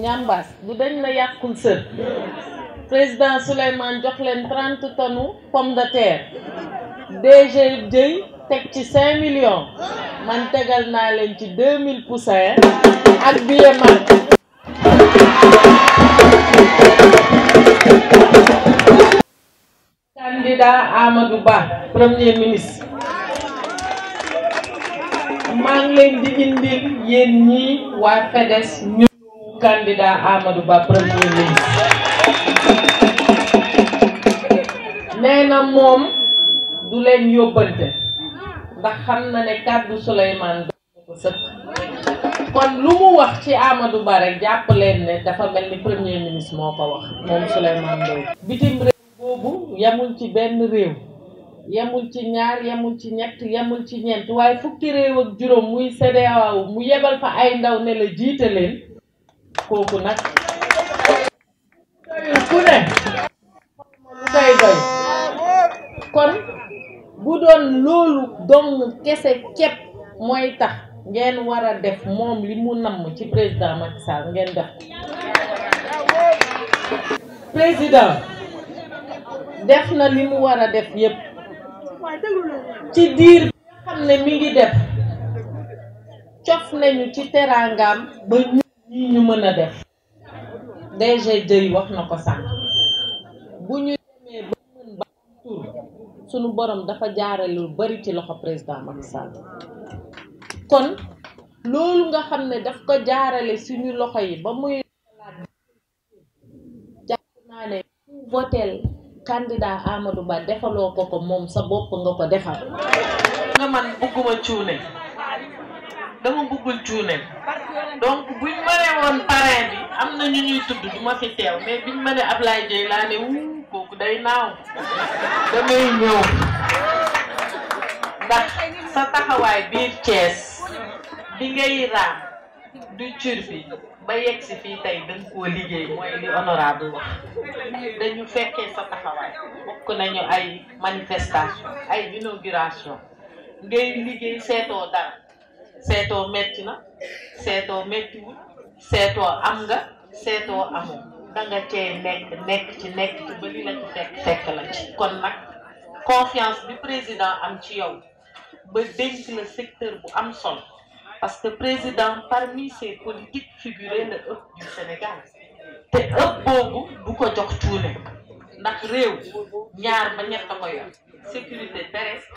ñambaas du dañ na yàqul sër président Souleymane jox leen trente tonnes pomme de terre DG Dieye teg ci cinq millions man tegal naa leen ci deux mille poussins ak billet marque candidat premier ministre maa leen di indil yéen ñii waa FEDES ñu bukan Amadou Ba premier perempuan nena mom moom du leen yóbbante ndax xam na ne kàddu Souleymane doo ko kon lumu waktu wax ci Amadou Ba rek jàpp leen ne dafa mel ni premier ministre moo wax moom Souleymane Ndoye bitim réew ya yemul ci ben réew yemul ya ci ñaar yemul ya ci ñett yemul ya ci ñeent waaye fukki réew ak juróom muy mu yebal fa ay ndaw ne kooku nag doyul ku ne kon bu doon loolu dong kese képp mooy tax ngeen war a def moom li mu namm ci président Macky Sall ngeen def président def na li mu war a def yépp ci diir xam ne mi ngi def cof nañu ci teraangam ba ñu lii ñu mën a def DG Dieye wax na ko sànq bu ñu demee ba mën ba tur sunu borom dafa jaare lu bari ci loxo président Macky Sall kon loolu nga xam ne daf ko jaarale suñu loxo yi ba muy jàpp naa ne ku voteel candidat Amadou Ba defaloo ko ko moom sa bopp nga ko defal nga man bugguma cuune dama buggul cuune donc buñ mënee woon parrain bi am na ñu ñuy tudd du ma fi teew mais biñ mënee Ablaye Dieye laa ne wuu kooku day naaw damay ñëw ndax sa taxawaay biir Thiès bi ngay raam du cur bi ba yegg si fii tey dañ koo liggéey mooy honorable wax dañu fekkee sa taxawaay bokk nañu ay manifestation ay inauguration ngay liggéey seetoo dara seetoo metti na seetoo mettiwul seetoo am nga seetoo amoo danga cee nekk nekk ci nekk ci ba li la fekk fekk la ci kon nag confiance bi président am ci yow ba dénk la secteur bu am solo parce que président parmi ses politiques figurait le hub du Sénégal te hub boobu du ko jox cuune ndax réew ñaar ba ñett a ko yor sécurité terrestre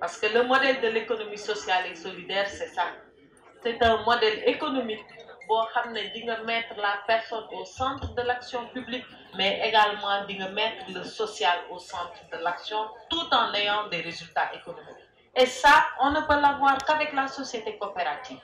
Parce que le modèle de l'économie sociale et solidaire, c'est ça. C'est un modèle économique pour mettre la personne au centre de l'action publique, mais également mettre le social au centre de l'action, tout en ayant des résultats économiques. Et ça, on ne peut l'avoir qu'avec la société coopérative.